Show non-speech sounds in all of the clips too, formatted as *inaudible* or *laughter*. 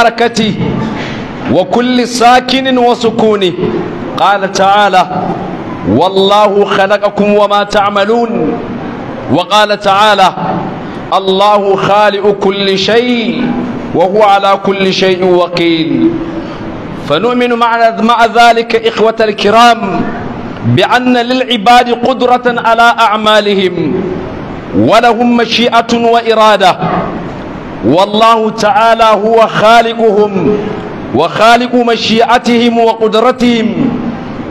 حركته وكل ساكن وسكونه قال تعالى والله خلقكم وما تعملون وقال تعالى الله خالق كل شيء وهو على كل شيء وقيل فنؤمن مع ذلك إخوة الكرام بأن للعباد قدرة على أعمالهم ولهم مشيئة وإرادة والله تعالى هو خالقهم وخالق مشيئتهم وقدرتهم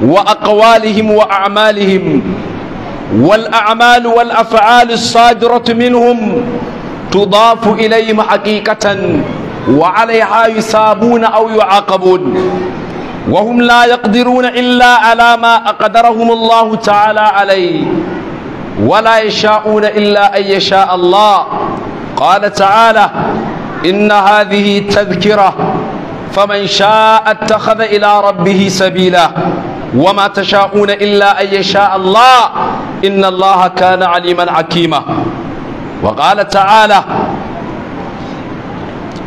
وأقوالهم وأعمالهم والأعمال والأفعال الصادرة منهم تضاف إليهم حقيقة وعليها يصابون أو يعاقبون وهم لا يقدرون إلا على ما أقدرهم الله تعالى عليه ولا يشاءون إلا أن يشاء الله قال تعالى إن هذه تذكرة فمن شاء اتخذ إلى ربه سبيلا وما تشاءون إلا أن يشاء الله إن الله كان عليما حكيما وقال تعالى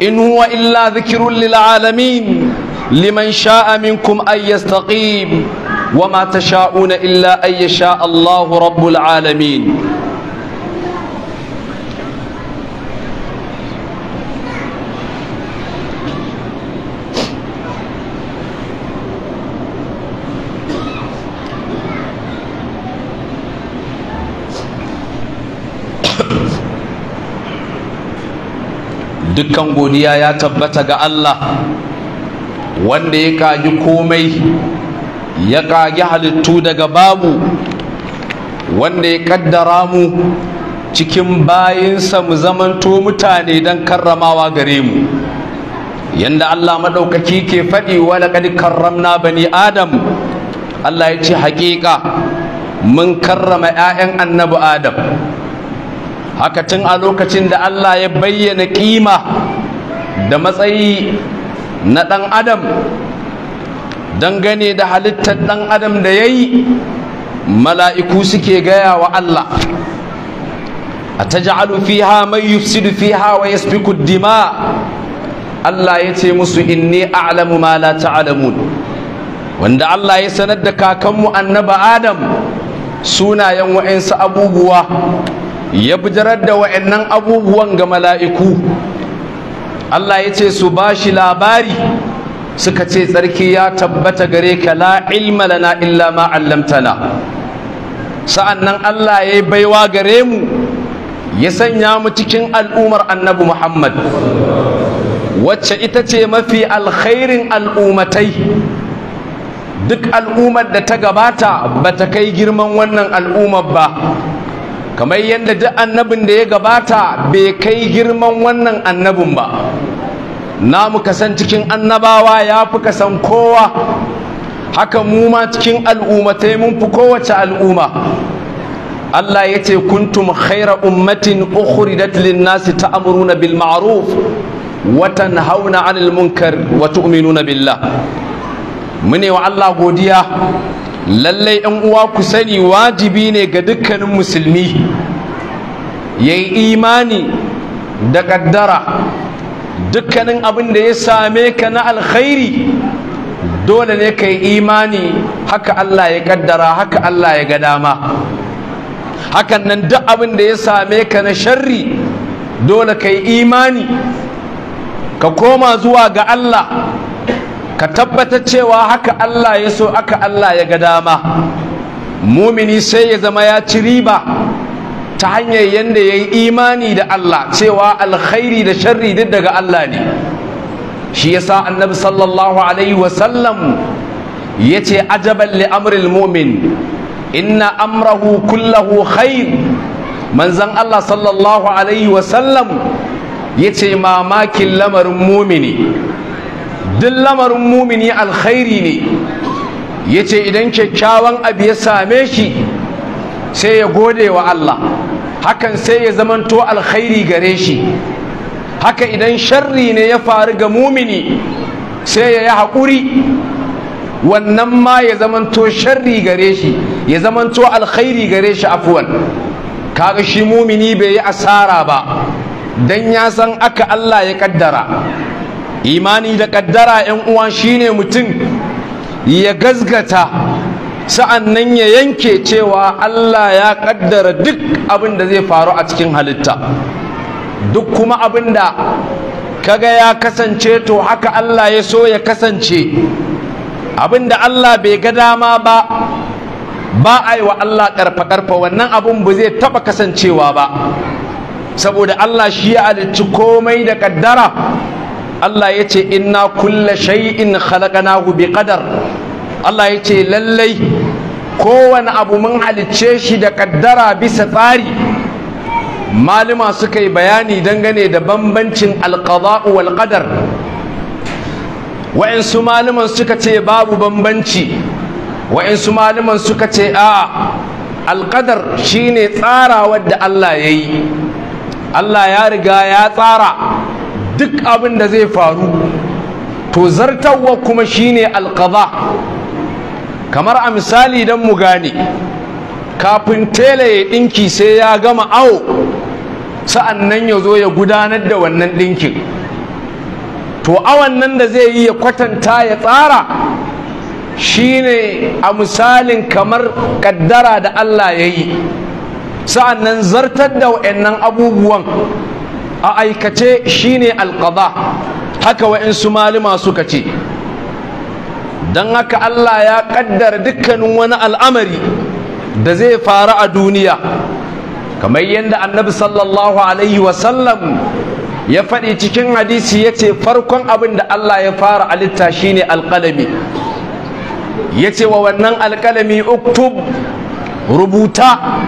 إن هو إلا ذكر للعالمين لمن شاء منكم أن يستقيم وما تشاءون إلا أن يشاء الله رب العالمين dukkan godiya ya tabbata ga Allah wanda ya kagi komai ya kagi halittu daga babu wanda ya kaddara mu cikin bayinsa mu zamanto mutane don karramawa gare mu yanda Allah maɗaukaki ke faɗi wa karramna bani adam Allah ya ce haƙiƙa mun karrama 'ya'yan annabi adam haka tun a lokacin da Allah ya bayyana kima da matsayi na ɗan adam dangane da halittar ɗan adam da ya yi mala'iku suke gaya wa Allah a ta ja'alu fiha mai yufsidu fiha wa yasfiku dima Allah ya ce musu inni a'lamu ma la ta'lamun wanda Allah ya sanar da kakanmu annaba Adam sunayen wa’insu abubuwa ya bijirar da wa'annan abubuwan ga mala'iku Allah ya ce su ba shi labari suka ce tsarki ya tabbata gare ka la ilma lana illa ma allamtana Sa'annan Allah ya yi baiwa gare mu ya sanya mu cikin al'umar annabi Muhammad wacce ita ce mafi alkhairin al'umatai duk al'ummar da ta gabata ba ta kai girman wannan al'ummar ba kamar yadda duk annabin da ya gabata bai kai girman wannan annabin ba namu kasan cikin annabawa ya fi kasan kowa haka mu ma cikin al'ummatai mun fi kowace al'umma Allah ya ce kuntum khaira ummatin ukhridat lin-nasi ta'muruna bil ma'ruf wa tanhauna 'anil munkar wa tu'minuna billah mune wa Allah godiya lallai yan uwa ku sani wajibi ne ga dukkanin musulmi ya yi imani da ƙaddara dukkanin abin da ya same ka na alkhairi dole ne ka yi imani haka Allah ya ƙaddara haka Allah ya ga dama hakan nan duk abin da ya same ka na sharri dole ka yi imani ka koma zuwa ga Allah ka tabbatar cewa haka Allah ya so aka Allah ya ga dama mumini sai ya zama ya ci riba ta hanyar yadda ya yi imani da Allah cewa alkhairi da sharri duk daga Allah ne shi yasa annabi sallallahu alaihi wasallam ya ce ajaban li'amril mumin inna amrahu kullahu khair manzan Allah sallallahu alaihi wasallam ya ce mamakin lamarin mumini duk lamarin mumini alkhairi ne ya ce idan kyakkyawan abu ya same shi sai ya gode wa Allah hakan sai ya zamanto alkhairi gare shi haka idan sharri ne ya faru ga mumini sai ya yi haƙuri wannan ma ya zamanto sharri gare shi ya zamanto alkhairi gare shi afuwan kaga shi mumini bai yi asara ba dan ya san aka Allah ya kaddara imani da ƙaddara yan uwa shine mutum ya gazgata sa'an nan ya yanke cewa Allah ya ƙaddara duk abin da zai faru a cikin halitta duk kuma abin da kaga ya kasance to haka Allah ya so ya kasance abin da Allah bai ga dama ba ba a yi wa Allah ƙarfa-ƙarfa wannan abin ba zai taɓa kasancewa ba saboda Allah shi ya halicci komai da ƙaddara Allah ya ce inna kulla shay'in khalaqnahu bi qadar Allah ya ce lallai kowane abu mun halicce shi da kaddara bisa tsari malama suka yi bayani dangane da bambancin alqada'u wal qadar wa'insu malaman suka ce babu bambanci wa'insu malaman suka ce a'a alqadar shine tsara wadda Allah ya yi Allah ya riga ya tsara duk abin da zai faru to zartarwa kuma shine alƙaza, kamar a misali don mu gane kafin tela ya ɗinki sai ya gama awo sa'an nan ya zo ya gudanar da wannan dinkin to awon nan da zai yi ya kwatanta ya tsara shine a misalin kamar kaddara da Allah ya yi sa'an nan zartar da wa'annan abubuwan a aikace shine alqada haka wa'insu maluma suka ce don haka Allah ya kaddara dukkanin wani al'amari da zai faru a duniya kamar yadda annabi sallallahu alaihi wasallam ya faɗi cikin hadisi ya ce farkon abin da Allah ya fara alitta shine alƙalami ya ce wa wannan alƙalami uktub rubuta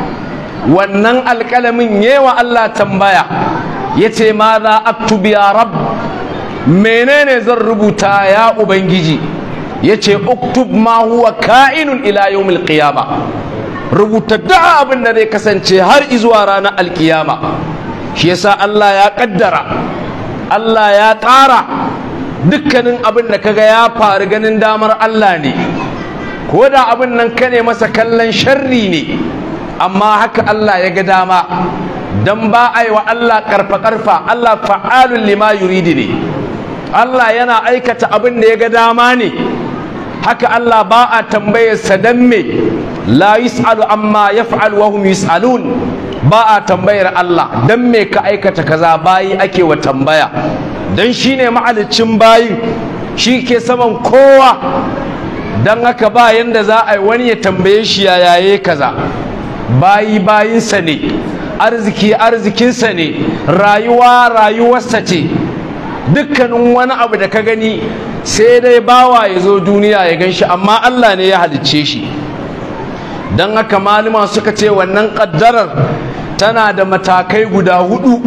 wannan alƙalamin yewa Allah tambaya ya ce ma za aktubi ya rab menene zan rubuta ya ubangiji ya ce uktub ma huwa ka'inun ila yawmil qiyama rubuta abin da zai kasance har izuwa ranar alkiyama shi yasa Allah ya kaddara Allah ya tsara dukkanin abin da kaga ya faru ganin damar Allah ne ko da abin nan ka ne masa kallon sharri ne amma haka Allah ya ga dama dan ba a yi wa Allah karfa karfa Allah fa'alun lima yuridi ne Allah yana aikata abin da ya ga dama ne haka Allah ba a tambayarsa dan me la yus'alu amma ya wa hum yus'alun ba a tambayar Allah dan me ka aikata kaza bayi ake wa tambaya dan shine ma'alicin bayi shi ke saman kowa don haka ba yanda za a yi wani ya tambaye shi ya yaye kaza bayi bayinsa ne arziki arzikinsa ne rayuwa rayuwarsa ce dukkanin wani abu da ka gani sai dai bawa ya zo duniya ya gan shi amma Allah ne ya halicce shi don haka malama suka ce wannan ƙaddarar tana da matakai guda hudu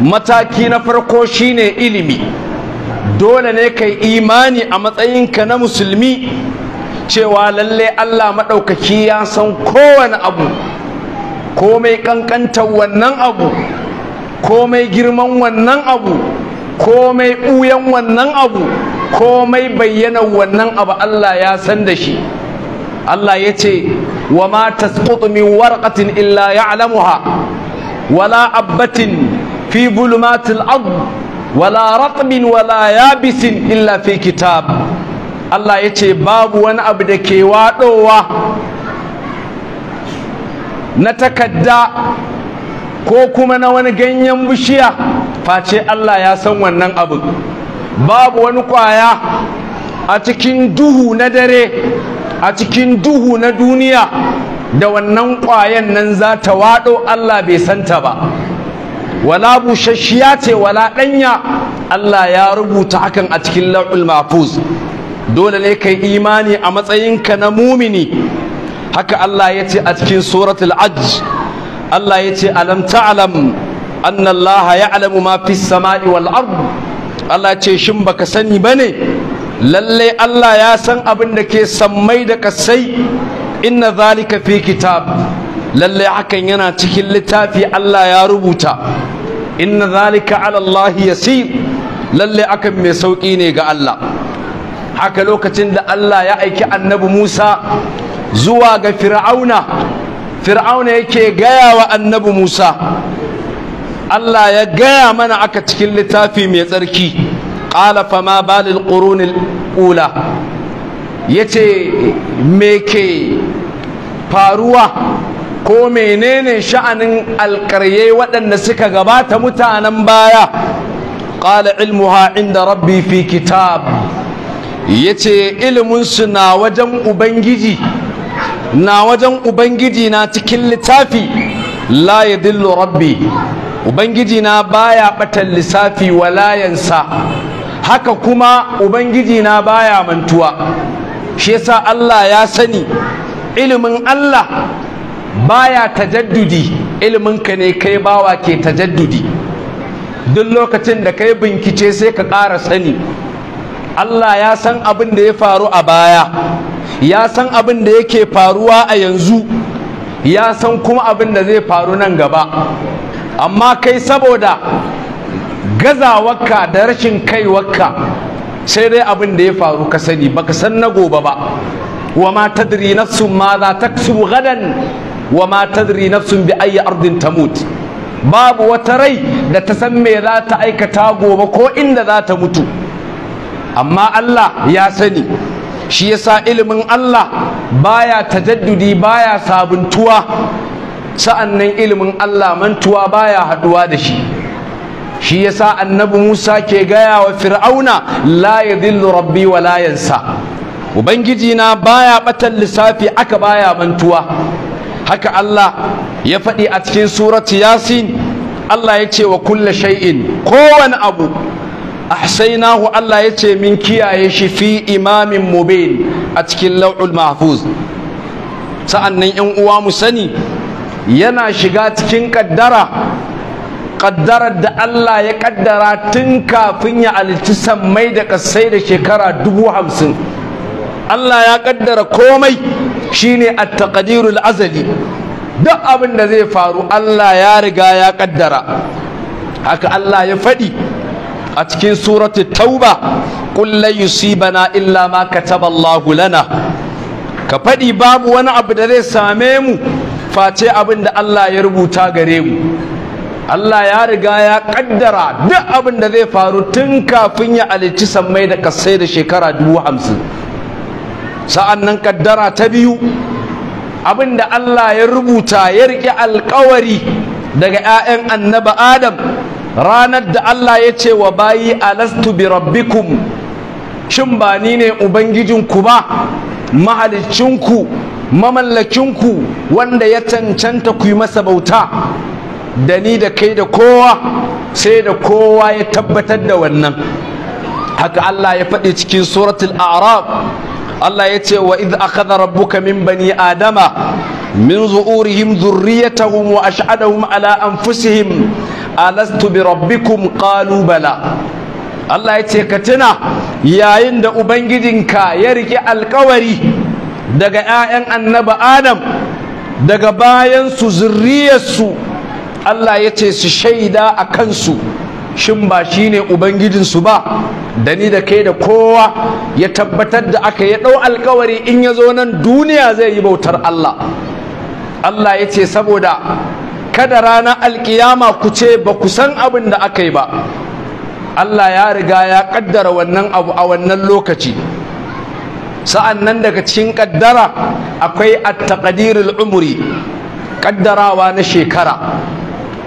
mataki na farko shine ilimi dole ne ka imani a matsayinka na musulmi cewa lalle Allah maɗaukaki ya san kowane abu komai kankantar wannan abu komai girman wannan abu komai ɓuyan wannan abu komai bayyana wannan abu Allah ya san da shi Allah ya ce wa ma min warqatin illa ya'lamuha wala abbatin fi bulumatil abu, wala ratbin wala yabisin illa fi kitab Allah ya ce babu wani abu da ke waɗowa na takadda ko kuma na wani ganyen bishiya face Allah ya san wannan abu babu wani kwaya a cikin duhu na dare a cikin duhu na duniya da wannan kwayan nan za ta waɗo Allah bai santa ba wala bushashiya ce wala ɗanya Allah ya rubuta hakan a cikin lau'ul mafuz dole ne kai imani a matsayinka na mumini haka Allah ya ce a cikin suratul ajj Allah ya ce alam ta'lam anna Allah ya'lamu ma fi samai wal ard Allah ce shin baka sani bane lallai Allah ya san abin da ke sammai da kasai inna zalika fi kitab lallai hakan yana cikin littafi Allah ya rubuta inna zalika ala Allah yasir lallai akan mai sauki ne ga Allah haka lokacin da Allah ya aiki annabi Musa zuwa ga fir'auna fir'auna yake gaya wa annabi musa allah ya gaya mana aka cikin littafi mai tsarki ƙala fama balil ƙorunin ƙula ya ce me ke faruwa ko menene sha'anin alƙarye waɗanda suka gabata mutanen baya ƙala ilmuha inda rabbi fi kitab ya ce iliminsu na wajen ubangiji na wajen ubangiji na cikin littafi la yadillu rabbi ubangiji na baya batan lissafi walayansa haka kuma ubangiji na baya mantuwa shi yasa Allah ya sani ilimin Allah baya tajaddudi ilimin ka ne kai bawa ke tajaddudi duk lokacin da kai bincike sai ka ƙara sani Allah ya san abin da ya faru a baya ya san abin da yake faruwa a yanzu ya san kuma abin da zai faru nan gaba amma kai saboda gazawarka da rashin kaiwarka sai dai abin da ya faru ka sani baka san na gobe ba wa ma tadri nafsun ma za taksubu gadan wa ma tadri nafsun bi ayi ardin tamut babu wata rai da ta san me za ta aikata gobe ko inda za ta mutu amma Allah ya sani shi yasa ilimin Allah baya tajaddudi baya sabuntuwa sa'annan ilimin Allah mantuwa baya haduwa da shi shi yasa annabi Musa ke gaya wa Fir'auna la yadhillu rabbi wa la yansa ubangiji na baya batan lissafi aka baya mantuwa haka Allah ya faɗi a cikin surati Yasin Allah ya ce wa kulle shay'in kowane abu ahsaynahu Allah ya ce min kiyaye shi fi imamin mubin a cikin lau'ul mahfuz sa'annan yan uwa mu sani yana shiga cikin kaddara kaddarar da Allah ya kaddara tun kafin ya alici sammai da kasai da shekara dubu hamsin Allah ya kaddara komai shine at-taqdirul azali duk abin da zai faru Allah ya riga ya kaddara haka Allah ya faɗi a cikin suratul tauba qul yusi yusibana illa ma kataba Allahu lana ka faɗi babu wani abu da zai same mu face abin da Allah ya rubuta gare mu Allah ya riga ya kaddara duk abin da zai faru tun kafin ya alici sammai da kasai da shekara dubu hamsin sa'an nan kaddara ta biyu abin da Allah ya rubuta ya riƙe alƙawari daga 'ya'yan annaba Adam ranar da Allah ya ce wa bayi alastu bi rabbikum shin ba ni ne ubangijinku ba mahalicinku mamallakinku wanda ya cancanta ku yi masa bauta da ni da kai da kowa sai da kowa ya tabbatar da wannan haka Allah ya faɗi cikin suratul a'raf Allah ya ce wa idh akhadha rabbuka min bani adama min zu'urihim dhurriyyatahum wa ash'adahum ala anfusihim alastu bi rabbikum qalu bala Allah ya ce ka tuna yayin da ubangijinka ya rike alkawari daga 'ya'yan annaba adam daga bayansu zurriyarsu Allah ya ce su shaida a kansu shin ba shi ne ubangijinsu ba da ni da kai da kowa ya tabbatar da aka ya ɗau alkawari in ya zo nan duniya zai yi bautar Allah Allah ya ce saboda kada rana alkiyama ku ce ba ku san abin da aka yi ba Allah ya riga ya kaddara wannan abu a wannan lokaci sa'an nan daga cikin kaddara akwai at-taqdirul umri kaddarawa na shekara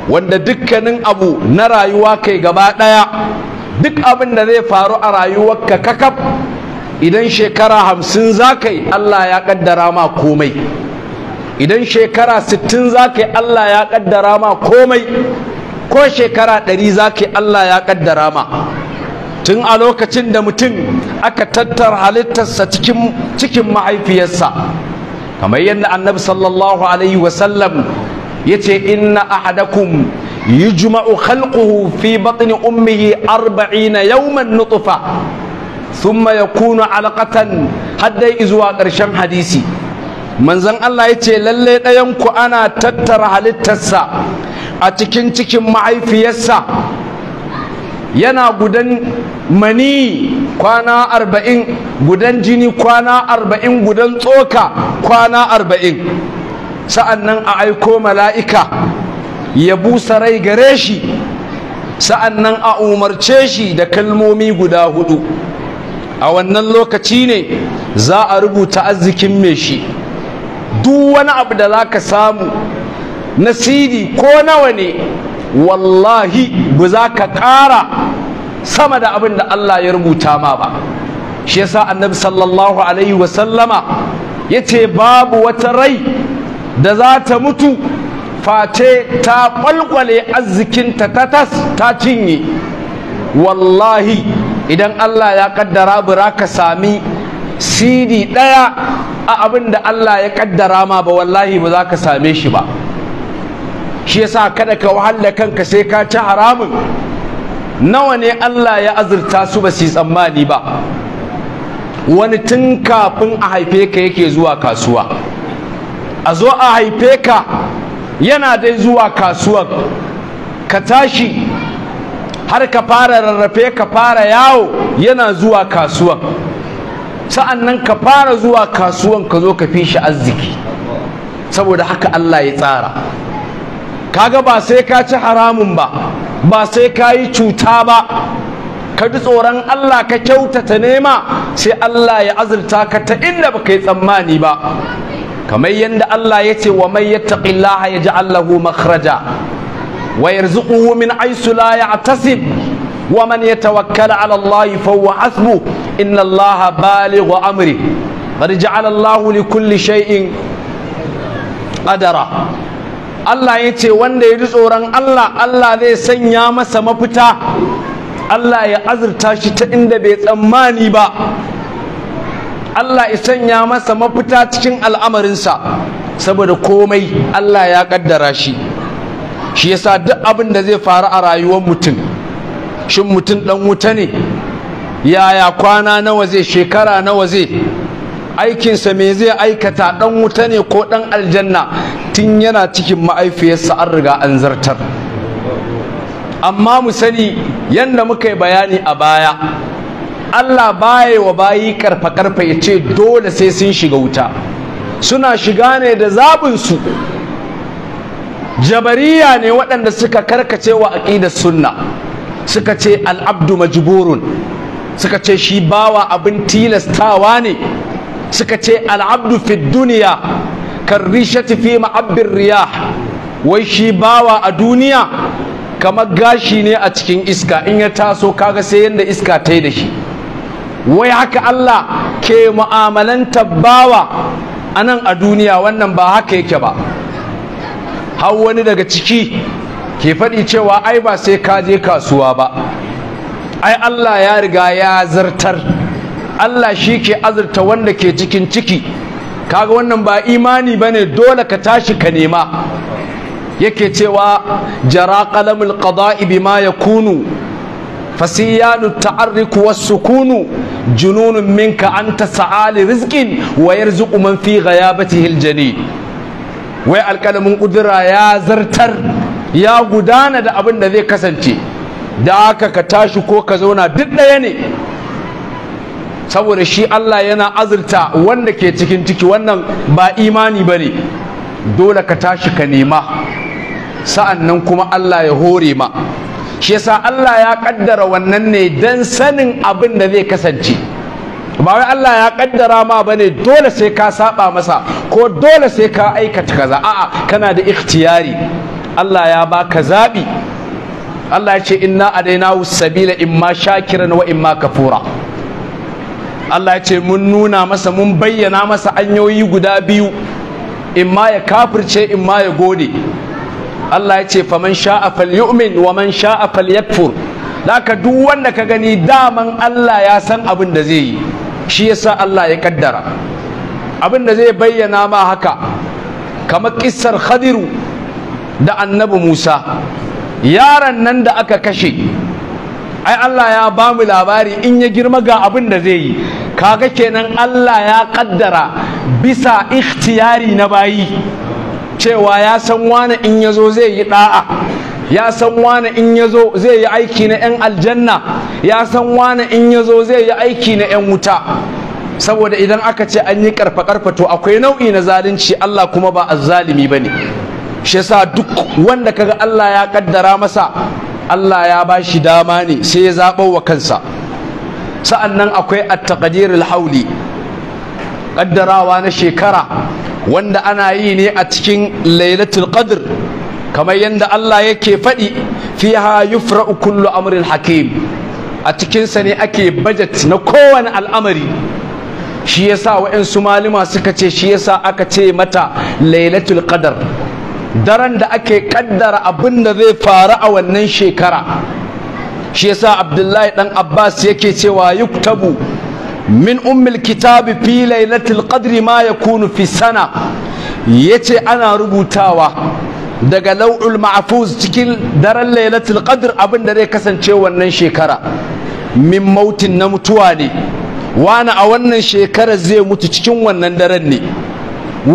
wanda dukkanin abu na rayuwa kai gaba daya duk abin da zai faru a rayuwarka kakab idan shekara hamsin za ka Allah ya kaddara ma komai idan shekara 60 za ka yi Allah ya kaddara ma komai ko shekara 100 za ka yi Allah ya ƙaddara ma tun a lokacin da mutum aka tattara halittarsa cikin mahaifiyarsa kamar yadda annabi sallallahu alaihi wasallam ya ce inna ahadakum yujma'u khalquhu fi batni ummihi arba'ina yawman nutfa thumma yakunu alaqatan hadda zuwa ƙarshen hadisi manzon Allah ya ce lalle ɗayan ku ana tattara halittarsa a cikin cikin mahaifiyarsa yana gudan mani kwana arba'in gudan jini kwana arba'in gudan tsoka kwana arba'in sa'an nan a aiko mala'ika ya busa rai gare shi sa'an nan a umarce shi da kalmomi guda hudu a wannan lokaci ne za a rubuta arzikin mai shi duk wani abu da za ka samu na ko nawa ne wallahi ba za ka ƙara sama da abin da Allah ya rubuta ma ba shi yasa annabi sallallahu alaihi wasallama ya ce babu wata rai da za ta mutu face ta kwalkwale arzikinta ta tas ta cinye wallahi idan Allah ya kaddara bura ka sami sidi ɗaya a abin da Allah ya kaddara ma ba wallahi ba za ka same shi ba shi yasa kada ka wahala kanka sai ka ci haramun nawa ne Allah ya azurta su ba su tsammani ba wani tun kafin a haife ka yake zuwa kasuwa a zo a haife ka yana dai zuwa kasuwar ka tashi har ka fara rarrafe ka fara yawo yana zuwa kasuwar sa'an nan ka fara zuwa kasuwan ka zo ka fi shi arziki saboda haka Allah ya tsara kaga ba sai ka ci haramun ba ba sai ka yi cuta ba ka ji tsoron Allah ka kyautata nema sai Allah ya azurta ka ta inda baka yi tsammani ba kamar yadda Allah ya ce wa mai yattaqillaha yaj'al lahu makhraja wa yarzuquhu min haythu la ya'tasib wa man ya 'ala Allah fa huwa hasbuh inna allaha balighu amri qad ja'ala allahu li kulli shay'in adara. Allah ya ce wanda ya ji tsoron Allah Allah zai sanya masa mafita Allah ya azurta shi ta inda bai tsammani ba Allah ya sanya masa mafita cikin al'amarinsa saboda komai Allah ya kaddara shi shi yasa duk abin da zai faru a rayuwar mutum shin mutum dan wuta ne yaya kwana nawa zai shekara nawa zai aikinsa me zai aikata dan wuta ne ko dan aljanna tun yana cikin ma'aifiyarsa an riga an zartar amma mu sani yadda muka yi bayani a baya Allah baya wa bayi karfa karfa ya ce dole sai sun shiga wuta suna shiga ne da zabinsu jabariya ne waɗanda suka karkace wa aƙidar sunna suka ce al'abdu majburun suka ce shi bawa abin tilastawa ne suka ce al'abdu fi duniya kan rishati fi ma'abbin riya. wai shi bawa a duniya kamar gashi ne a cikin iska in ya taso kaga sai yadda iska ta yi da shi wai haka Allah ke mu'amalanta bawa a nan a duniya wannan ba haka yake ba har wani daga ciki ke faɗi cewa ai ba sai ka je kasuwa ba ai Allah ya riga ya zartar Allah shi ke azurta wanda ke cikin ciki kaga wannan ba imani bane dole ka tashi ka nema yake cewa jara qalamul qada'i bima yakunu fasiyadu ta'arriku was-sukunu jununun minka anta sa'ali rizqin wa yarzuqu man fi ghayabatihi al-janin wai alƙalamin ƙudira ya zartar ya gudana da abin da zai kasance da aka ka tashi ko ka zauna duk ɗaya ne saboda shi Allah yana azurta wanda ke cikin ciki wannan ba imani ba ne dole ka tashi ka nema sa'an nan kuma Allah ya hore ma shi yasa Allah ya ƙaddara wannan ne don sanin abin da zai kasance ba wai Allah ya kaddara ma ba ne dole sai ka saba masa ko dole sai ka aikata kaza a'a kana da ikhtiyari Allah ya baka zaɓi. Allah ya ce inna adaina sabila imma shakiran wa imma kafura Allah ya ce mun nuna masa mun bayyana masa anyoyi guda biyu imma ya kafirce imma ya gode Allah ya ce faman sha'a falyu'min wa man sha'a falyakfur laka duk wanda ka gani daman Allah ya san abin da zai yi shi yasa Allah ya kaddara abin da zai bayyana ma haka kamar kissar Khadiru da Annabi Musa yaron nan da aka kashe ai Allah ya ba mu labari in ya girma ga abin da zai yi kaga kenan Allah ya kaddara bisa ikhtiyari na bayi cewa ya san wani in ya zai yi da'a ya san wani in ya zai yi aiki na 'yan aljanna ya san wani in yazo zai yi aiki na 'yan wuta saboda idan aka ce an yi karfa karfa to akwai nau'i na zalunci Allah kuma ba azzalimi bane shi yasa duk wanda kaga Allah ya kaddara masa Allah ya ba shi dama ne sai ya zaɓo wa kansa sa'annan akwai at-taqdirul hauli kaddarawa na shekara wanda ana yi ne a cikin lailatul qadr kamar yadda Allah yake faɗi fiha yufra'u kullu amrin hakim a cikinsa ne ake budget na kowane al'amari shi yasa wa'ansu malama suka ce shi yasa aka ce mata lailatul qadr daren da ake kaddara abin da zai faru a wannan shekara shi yasa abdullahi dan abbas yake cewa yuktabu min ummil kitabi fi lailatul qadri ma yakunu fi sana yace ana rubutawa daga lau'ul mahfuz cikin daren lailatul qadr abin da zai kasance wannan shekara min mautin na mutuwa ne wani a wannan shekarar zai mutu cikin wannan daren ne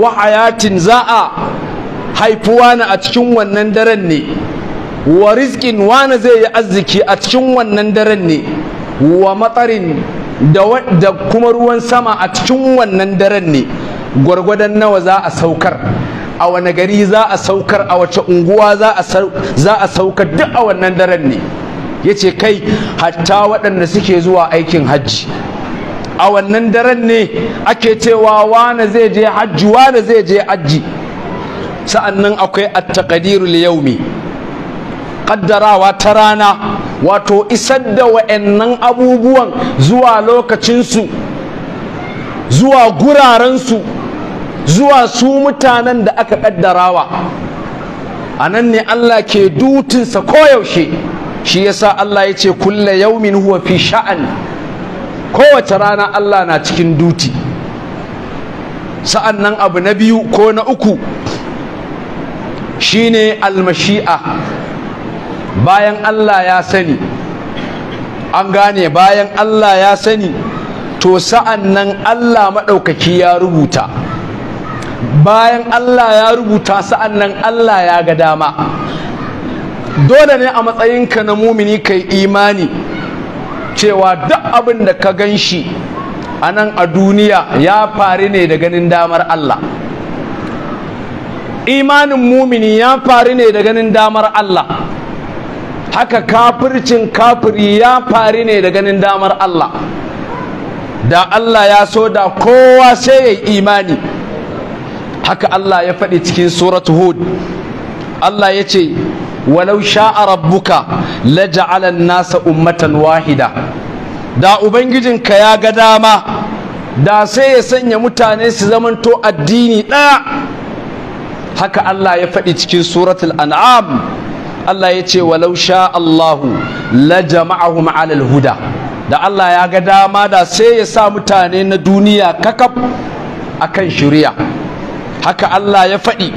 wa hayatin za a haifuwa na a cikin wannan daren ne wa rizkin wani zai yi arziki a cikin wannan daren ne wa matsarin da kuma ruwan sama a cikin wannan daren ne gwargwadon nawa za a saukar a wane gari za a saukar a wace unguwa za a saukar duk a wannan daren ne ya ce kai hatta waɗanda suke zuwa aikin hajji a wannan daren ne ake cewa wane zai je hajji wane zai je hajji sa'annan akwai at-taqdiru li kaddarawa ta rana wato isar da wa'annan abubuwan zuwa lokacinsu zuwa gurarensu zuwa su mutanen da aka kaddarawa anan ne Allah ke dutinsa koyaushe shi yasa Allah yace kullu kulle yaumin huwa fi sha'an kowace rana Allah na cikin duti sa'annan abu na biyu ko na uku shine almashi'a bayan Allah ya sani an gane bayan Allah ya sani to sa'an nan Allah maɗaukaki ya rubuta bayan Allah ya rubuta sa'an nan Allah ya ga dama dole ne a matsayinka na mumini kai imani cewa duk abin da ka gan shi a nan a duniya ya faru ne da ganin damar Allah imanin mumini ya faru ne da ganin damar Allah haka kafircin kafiri ya faru ne da ganin damar Allah da Allah ya so da kowa sai ya yi imani haka Allah ya faɗi cikin surat hud Allah ya ce walau sha'a rabbuka laja'ala nasa ummatan wahida da ubangijin ka ya ga dama da sai ya sanya mutane su zamanto addini ɗaya haka Allah ya faɗi cikin suratul an'am Allah ya ce walau sha Allahu la jama'ahum alal huda da Allah ya ga dama da sai ya sa mutane na duniya kakaf akan shari'a haka Allah ya faɗi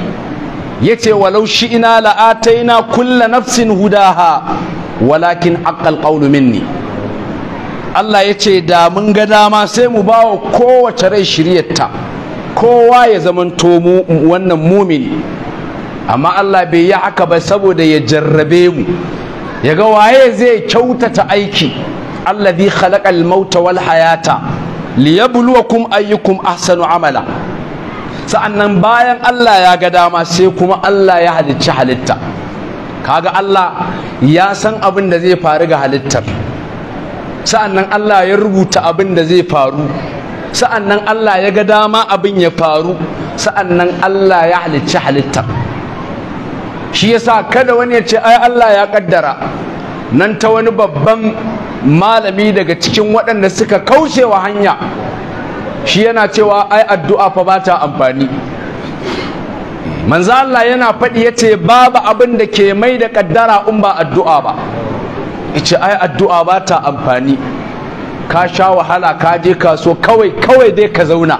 ya ce walau ina la'ataina kulla nafsin hudaha walakin aqal qawlu minni Allah ya ce da mun ga dama sai mu bawa kowace rai shiryarta kowa ya zamanto mu wannan mumini amma Allah bai yi haka ba saboda ya jarrabe mu ya ga waye zai kyautata aiki alladhi khalaqal mauta wal hayata liyabluwakum ayyukum ahsanu amala sa'annan bayan Allah ya ga dama sai kuma Allah ya halicci halitta kaga Allah ya san abin da zai faru ga halittar sa'annan Allah ya rubuta abin da zai faru sa'an nan Allah ya ga dama abin ya faru sa'an nan Allah ya halicci halitta shi ya sa kada wani ya ce ai Allah ya kaddara nan ta wani babban malami daga cikin waɗanda suka kaucewa hanya shi yana cewa ai addu'a fa ba ta amfani manzo Allah yana faɗi ya ce babu abin da ke mai da kaddara in ba addu'a ba ya ce ai addu'a ba ta amfani ka sha wahala ka je kaso kawai kawai dai ka zauna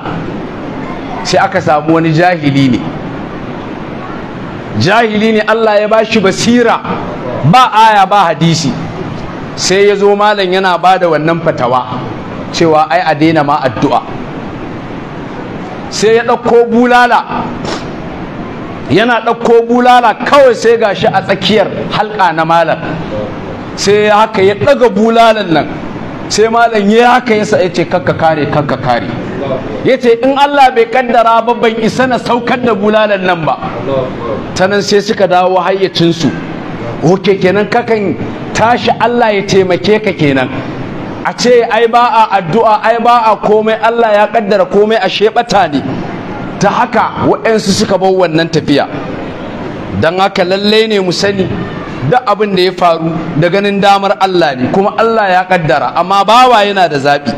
sai aka samu wani jahili ne jahili ne Allah ya bashi basira ba aya ba hadisi sai ya zo malam yana ba da wannan fatawa cewa ai a daina ma addu'a sai ya ɗauko bulala yana ɗauko bulala kawai sai gashi a tsakiyar halka na malam sai haka ya ɗaga bulalan nan sai malam ya haka yasa ya ce kakka kare kakka kare ya ce in Allah bai kaddara ba ban isa na saukar da bulalan nan ba ta nan sai suka dawo hayyacinsu oke kenan kakan tashi Allah ya taimake ka kenan a ce ai ba a addu'a ai ba a komai Allah ya kaddara komai a shebata ne ta haka waɗansu suka bar wannan tafiya don haka lallai ne mu sani duk abin da ya faru da ganin damar Allah ne kuma Allah ya kaddara amma bawa yana da zaɓi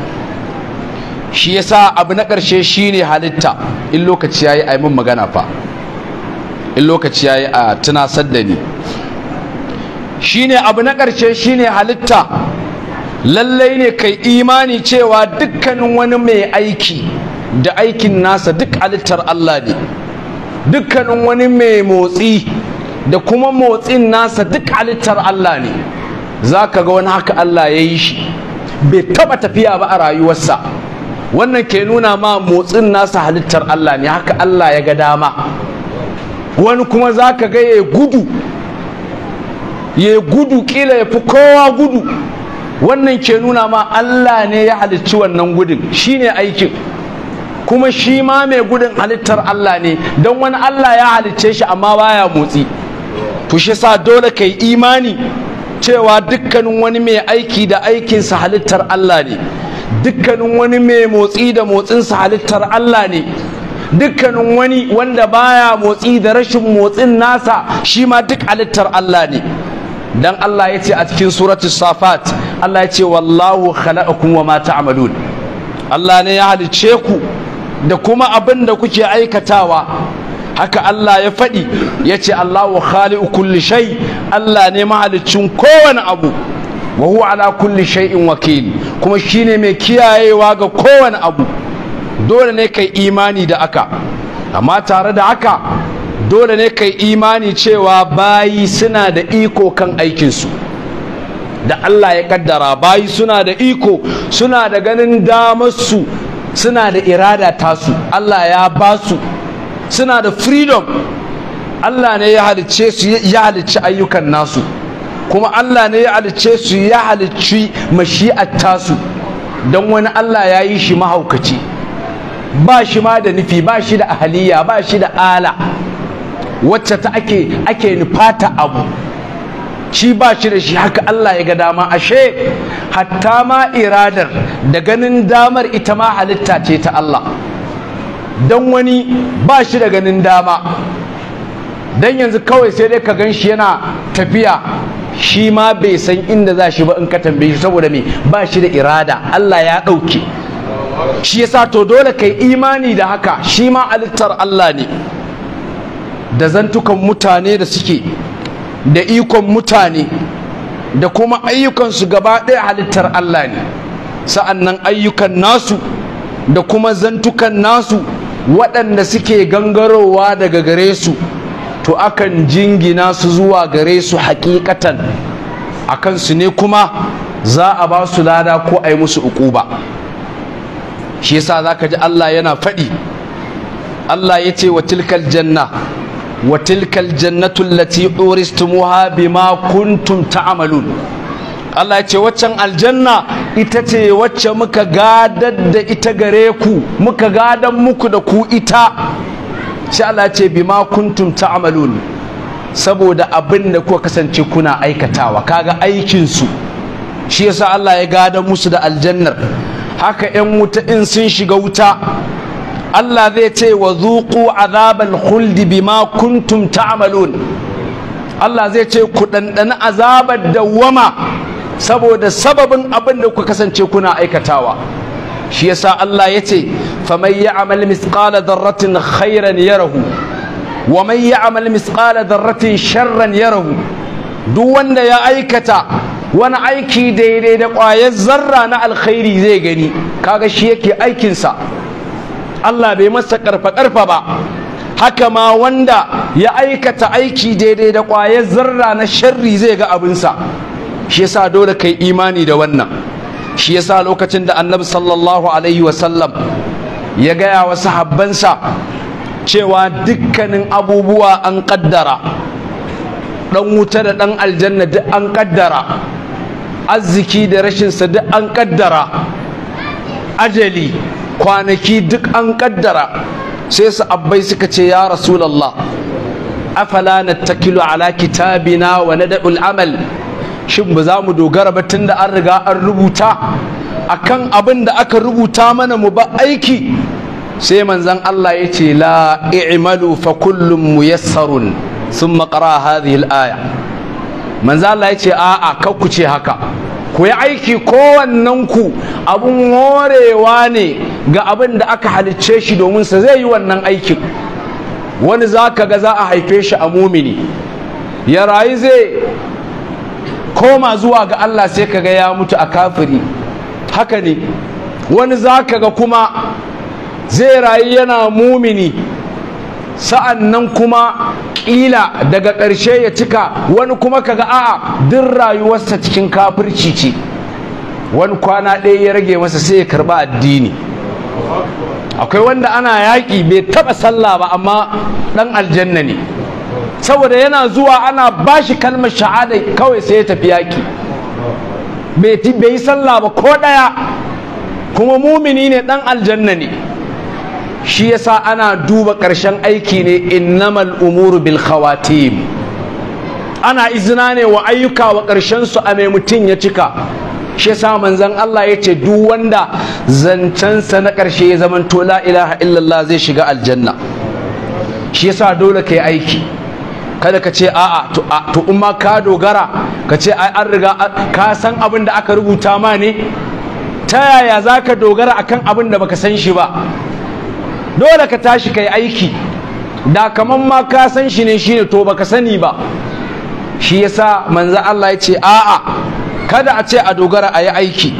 shi ya sa abu na ƙarshe shi ne halitta in lokaci yi a yi min magana fa in lokaci ya yi a tunasar da ni ne abu na ƙarshe shi ne halitta lallai ne kai imani cewa dukkanin wani mai aiki da aikin nasa duk halittar Allah ne dukkanin wani mai motsi da kuma motsin nasa duk halittar Allah ne za ka ga wani haka Allah ya yi shi bai taba tafiya ba a rayuwarsa wannan ke nuna ma motsin nasa halittar Allah ne haka Allah ya ga dama wani kuma za ka ga ya gudu ya gudu kila ya fi kowa gudu wannan ke nuna ma Allah ne ya halicci wannan gudun Shi ne aikin kuma shi ma mai gudun halittar Allah ne don wani Allah ya halicce shi amma baya motsi fushi sa dole kai imani cewa dukkanin wani mai aiki da aikinsa halittar Allah ne dukkanin wani mai motsi da motsinsa halittar Allah ne dukkanin wani wanda baya motsi da rashin motsin nasa shi ma duk halittar Allah ne dan Allah ya ce a cikin suratul safat Allah ya ce wallahu khalaqakum wa ma ta'malun Allah ne ya halicce ku da kuma abinda kuke aikatawa haka Allah ya faɗi ya ce Allahu khali'u kulli shay Allah ne mahalicin kowane abu wa huwa ala kulli shay'in wakil kuma shine mai kiyayewa ga kowane abu dole ne kai imani da aka amma tare da haka dole ne kai imani cewa bayi suna da iko kan aikinsu da Allah ya kaddara bayi suna da iko suna da ganin damarsu suna da irada tasu Allah ya basu. suna da freedom Allah ne ya halice su ya halicci ayyukan nasu kuma Allah ne ya halice su ya halicci mashi'ar tasu don wani Allah ya yi shi mahaukaci ba shi ma da nufi ba shi da ahaliya ba shi da ala wacce ta ake ake nufata abu shi ba shi da shi haka Allah ya ga dama ashe hatta ma iradar da ganin damar ita ma halitta ce ta Allah don wani ba shi da ganin dama don yanzu kawai sai dai ka gan shi yana tafiya shi ma bai san inda za shi ba in ka tambaye shi saboda me ba shi da irada Allah ya ɗauke shi yasa to dole kai imani da haka shi ma alittar Allah ne da zantukan mutane da suke da ikon mutane da kuma ayyukansu gaba ɗaya halittar Allah ne sa'an nan ayyukan nasu da kuma zantukan nasu waɗanda suke gangarowa daga gare su to akan jingina su zuwa gare su hakikatan a kansu ne kuma za a ba su lada ko a yi musu uquba shi yasa za ka ji Allah yana faɗi Allah ya ce wa tilkal janna wa tilkal jannatu uristumuha bima kuntum ta'malun Allah ya ce waccan aljanna ita ce wacce muka gadar da ita gare ku muka gadan muku da ku ita sha Allah ce bima kuntum amalun saboda abin da kuka kasance kuna aikatawa kaga aikinsu, su shi yasa Allah ya gada musu da aljannar haka yan wuta in sun shiga wuta Allah zai ce wa zuqu azabal khuldi bima kuntum amalun Allah zai ce ku ɗanɗani azabar dawwama saboda sababin abin da ku kasance kuna aikatawa shi yasa Allah ya ce faman ya'mal misqala dharratin khairan yarahu wa man ya'mal misqala dharratin sharran yarahu duk wanda ya aikata wani aiki daidai da ƙwayar zarra na alkhairi zai gani kaga shi yake aikinsa Allah bai masa karfa karfa ba haka ma wanda ya aikata aiki daidai da ƙwayar zarra na sharri zai ga abinsa shi yasa dole kai imani da wannan shi yasa lokacin da annabi sallallahu alaihi wasallam ya gaya wa sahabbansa cewa dukkanin abubuwa an kaddara dan wuta da dan aljanna duk an kaddara arziki da rashinsa duk an kaddara ajali kwanaki duk an kaddara sai su abbai suka ce ya rasulallah afala nattakilu ala kitabina wa nada'ul amal shin ba za mu dogara ba tun da an riga an rubuta A kan abin da aka rubuta mana mu ba aiki sai manzan Allah ya ce la i'malu fa kullum mu muyassarun sun makara hadhihi al-aya manzan Allah ya ce a'a kar ce haka ku yi aiki kowannen ku abun horewa ne ga abin da aka halicce shi domin sa zai yi wannan aikin wani za ka ga za a haife shi a mumini ya rayu zai koma zuwa ga Allah sai kaga ya mutu a kafiri haka ne wani za ka ga kuma zai rayu yana mumini sa'an nan kuma ƙila daga ƙarshe ya cika wani kuma kaga a'a duk rayuwarsa cikin kafirci ce wani kwana ɗaya ya rage masa sai ya karɓa addini akwai wanda ana yaƙi bai taɓa sallah ba amma ɗan aljanna ne saboda yana zuwa ana ba shi kalmar shahada kawai sai ya tafi yaki bai yi sallah ba ko ɗaya kuma mumini ne ɗan aljanna ne shi yasa ana duba ƙarshen aiki ne innamal umuru bil khawatim ana izina ne wa ayyuka wa ƙarshen su a mai mutum ya cika shi yasa manzon Allah ya ce duk wanda zancensa na ƙarshe ya zamanto la ilaha illallah zai shiga aljanna shi yasa dole kai aiki kada ka ce a'a to in ma ka dogara ka ce ai an riga ka san abin da aka rubuta ma ne ta yaya za ka dogara akan abin da baka san shi ba dole ka tashi kai aiki da kaman ma ka san shi ne shine to baka sani ba shi yasa manzo Allah ya ce a'a kada a ce a dogara a yi aiki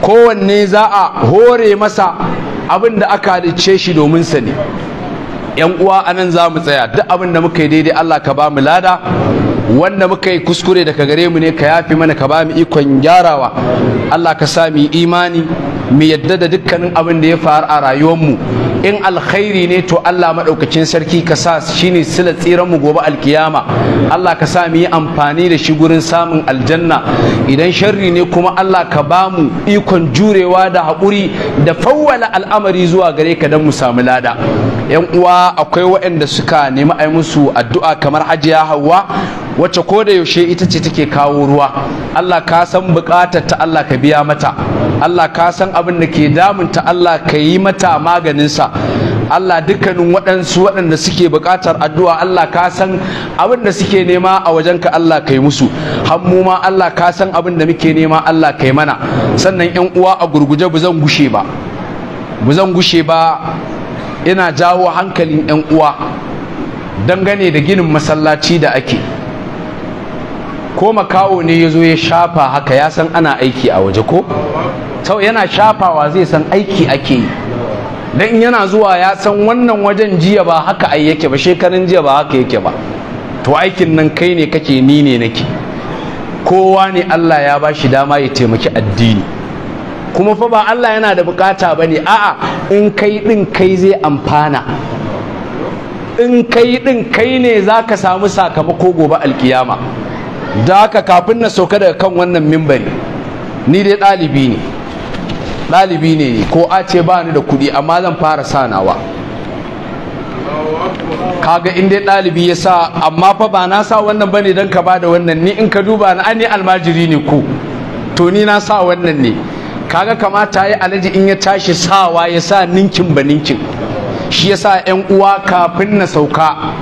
kowanne za a hore masa abin da aka rice shi domin sa ne yan uwa anan za mu tsaya duk abin da muka yi daidai Allah ka ba mu lada wanda muka yi kuskure daga gare mu ne ka yafi mana ka ba mu ikon gyarawa Allah ka sa mu imani mu yadda da dukkanin abin da ya faru a rayuwar mu. in alkhairi ne to Allah maɗaukacin sarki ka sa shi ne sila tsiran mu gobe alkiyama Allah ka sa mu yi amfani da shi gurin samun aljanna idan sharri ne kuma Allah ka ba mu ikon jurewa da haƙuri da fawwala al'amari zuwa gare ka don mu samu lada yan uwa akwai waɗanda suka nemi a musu addu'a kamar hajiya hawa wacce ko da yaushe ita ce take kawo ruwa Allah ka san buƙatar ta Allah ka biya mata Allah ka san abin da ke damun ta Allah ka yi mata maganinsa Allah dukkanin waɗansu waɗanda suke buƙatar addu'a Allah ka san abin da suke nema a wajenka Allah ka yi musu hammu ma Allah ka san abin da muke nema Allah ka yi mana sannan ƴan uwa a gurguje bu zan gushe ba bu zan gushe ba ina jawo hankalin ƴan uwa dangane da ginin masallaci da ake ko makawo ne ya zo ya shafa haka ya san ana aiki a waje ko sau yana shafawa zai san aiki ake yi dan yana zuwa ya san wannan wajen jiya ba haka ai yake ba shekarun jiya ba haka yake ba to aikin nan kai ne kake ni ne nake kowa ne Allah ya bashi dama ya taimaki addini kuma fa ba Allah yana da bukata ne? a'a in kai din kai zai amfana in kai din kai ne za ka samu sakamako gobe alkiyama da haka kafin na sauka daga kan wannan mimbari ni dai ɗalibi ne ɗalibi ne ko a ce ba ni da kuɗi amma zan fara sanawa kaga in dai ɗalibi ya sa amma fa ba na sa wannan ba ne don ka ba da wannan ni in ka duba na ni almajiri ne ku to ni na sa wannan ne kaga kamata ya alaji in ya tashi sawa ya sa ninkin ba ninkin shi ya sa 'yan uwa kafin na sauka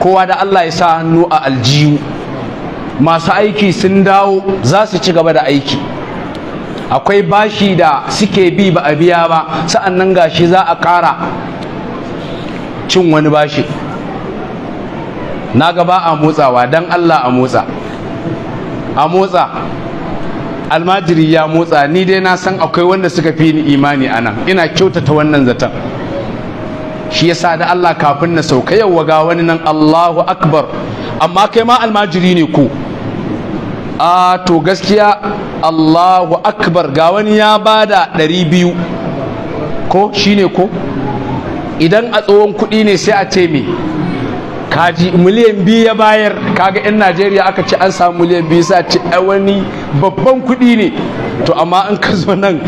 kowa da Allah ya sa hannu a aljihu masu aiki sun dawo za su ci gaba da aiki akwai bashi da suke bi ba a biya ba sa'an nan gashi za a ƙara cin wani bashi na gaba a motsawa don allah a motsa a motsa almajiri ya motsa ni dai na san akwai wanda suka fi ni imani a ina kyautata wannan zaton shi ya sa da allah kafin na sauka yau waga wani nan allahu akbar amma kai ma almajiri ne ku? a to gaskiya allahu akbar ga wani ya bada ɗari biyu ko shine ko idan a tsohon kuɗi ne sai a ce me kaji miliyan biyu ya bayar kaga 'yan najeriya aka ce an samu miliyan biyu sa ce wani babban kuɗi ne to amma an ka zo nan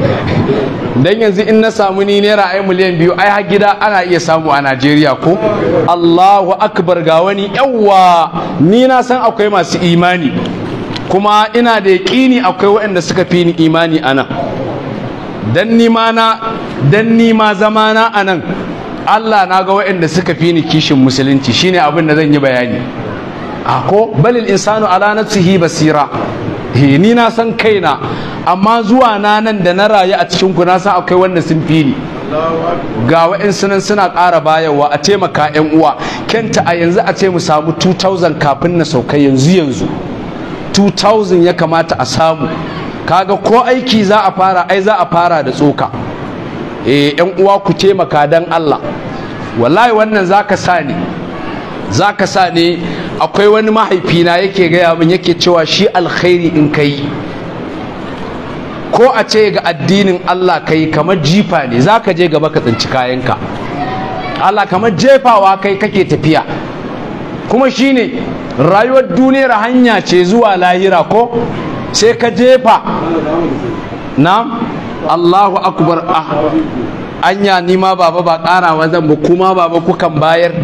*laughs* Don yanzu in na samu ni naira ai miliyan biyu ai har gida ana iya samu a najeriya ko allahu akbar ga wani yawwa ni na san akwai masu imani kuma ina da yaƙini akwai waɗanda suka fi ni imani a nan dan ni ma na dan ni zamana a Allah na ga waɗanda suka fi ni kishin musulunci shine abin da zan yi bayani a ko balil insanu ala nafsihi basira he ni na san kaina amma zuwa na nan da na rayu a cikin ku na san akwai wanda sun fi ni ga wa'insu nan suna ƙara bayarwa a taimaka yan uwa kenta a yanzu a ce mu samu 2000 kafin na sauka yanzu yanzu 2000 ya kamata a samu kaga ko aiki za a fara ai za a fara da tsoka eh yan uwa ku taimaka dan Allah wallahi wannan zaka sa zaka sa ne akwai wani mahaifina yake gaya min yake cewa shi alkhairi in kai ko a ce ga addinin Allah kai kamar jifa ne zaka je gaba ka tsinci kayanka Allah kamar jefawa kai kake tafiya kuma shi ne rayuwar duniyar hanya ce zuwa lahira ko sai ka jefa na Allahu akbar ah anya ni ma baba ba karawa zan ba kuma baba kukan bayar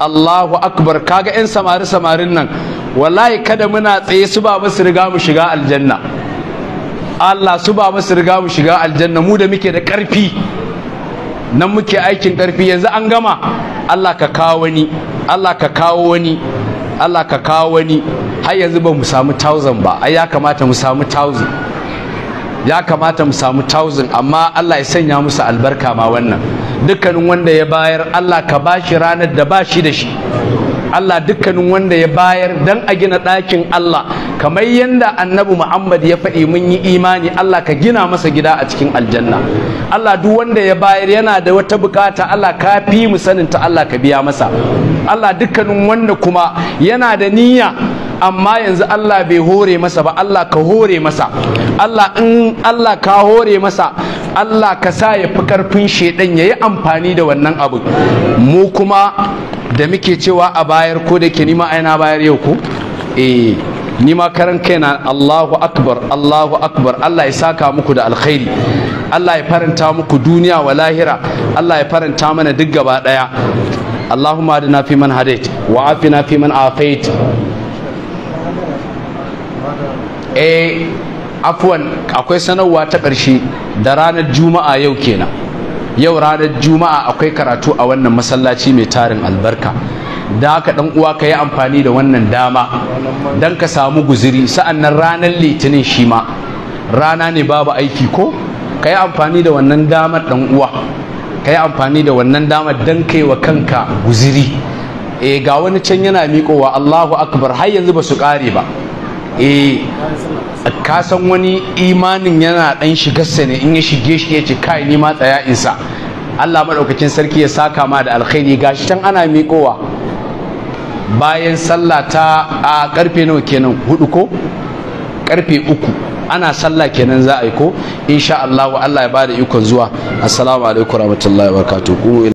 Allahu akbar kaga yan samari samarin nan wallahi kada muna tsaye su baba su riga mu shiga aljanna Allah su baba su riga mu shiga aljanna mu da muke da karfi nan muke aikin karfi yanzu an gama Allah ka kawo wani Allah ka kawo wani Allah ka kawo wani har yanzu ba mu samu 1000 ba ai ya kamata mu samu 1000 ya kamata mu samu thousand amma Allah ya sanya musu albarka ma wannan dukkanin wanda ya bayar Allah ka bashi ranar da ba shi da shi Allah dukkanin wanda ya bayar dan a gina ɗakin Allah kamar yadda annabi Muhammad ya faɗi mun yi imani Allah ka gina masa gida a cikin aljanna Allah duk wanda ya bayar yana da wata bukata Allah ka fi mu saninta Allah ka biya masa Allah dukkanin wanda kuma yana da niyya amma yanzu Allah bai hore masa ba Allah ka hore masa Allah in Allah ka hore masa Allah ka sa ya fi karfin shedan yayi amfani da wannan abu mu kuma da muke cewa a bayar ko da ke nima aina bayar yau ko eh ni ma karan kaina Allahu akbar Allahu akbar Allah ya saka muku da alkhairi Allah ya faranta muku duniya wa lahira Allah ya faranta mana duk gaba daya adina fi man hadait wa afina fi man afait eh afwan akwai sanarwa ta ƙarshe da ranar juma'a yau kenan yau ranar juma'a akwai karatu a wannan masallaci mai tarin albarka da haka dan uwa ka yi amfani da wannan dama don ka samu guziri sa'annan ranar litinin shi ma rana ne babu aiki ko ka yi amfani da wannan damar dan uwa ka yi amfani da wannan damar don kai wa kanka guziri e ga wani can yana miƙowa allahu akbar har yanzu ba su ƙare ba eh ka san wani imanin yana dan shiga ne in ya shige shi ya ce kai ni ma tsaya in sa Allah madaukakin sarki ya saka ma da alkhairi gashi can ana miƙowa bayan sallah ta a karfe nawa kenan hudu ko karfe uku ana sallah kenan za a yi ko insha Allah Allah ya bada ikon zuwa assalamu alaikum warahmatullahi wabarakatuh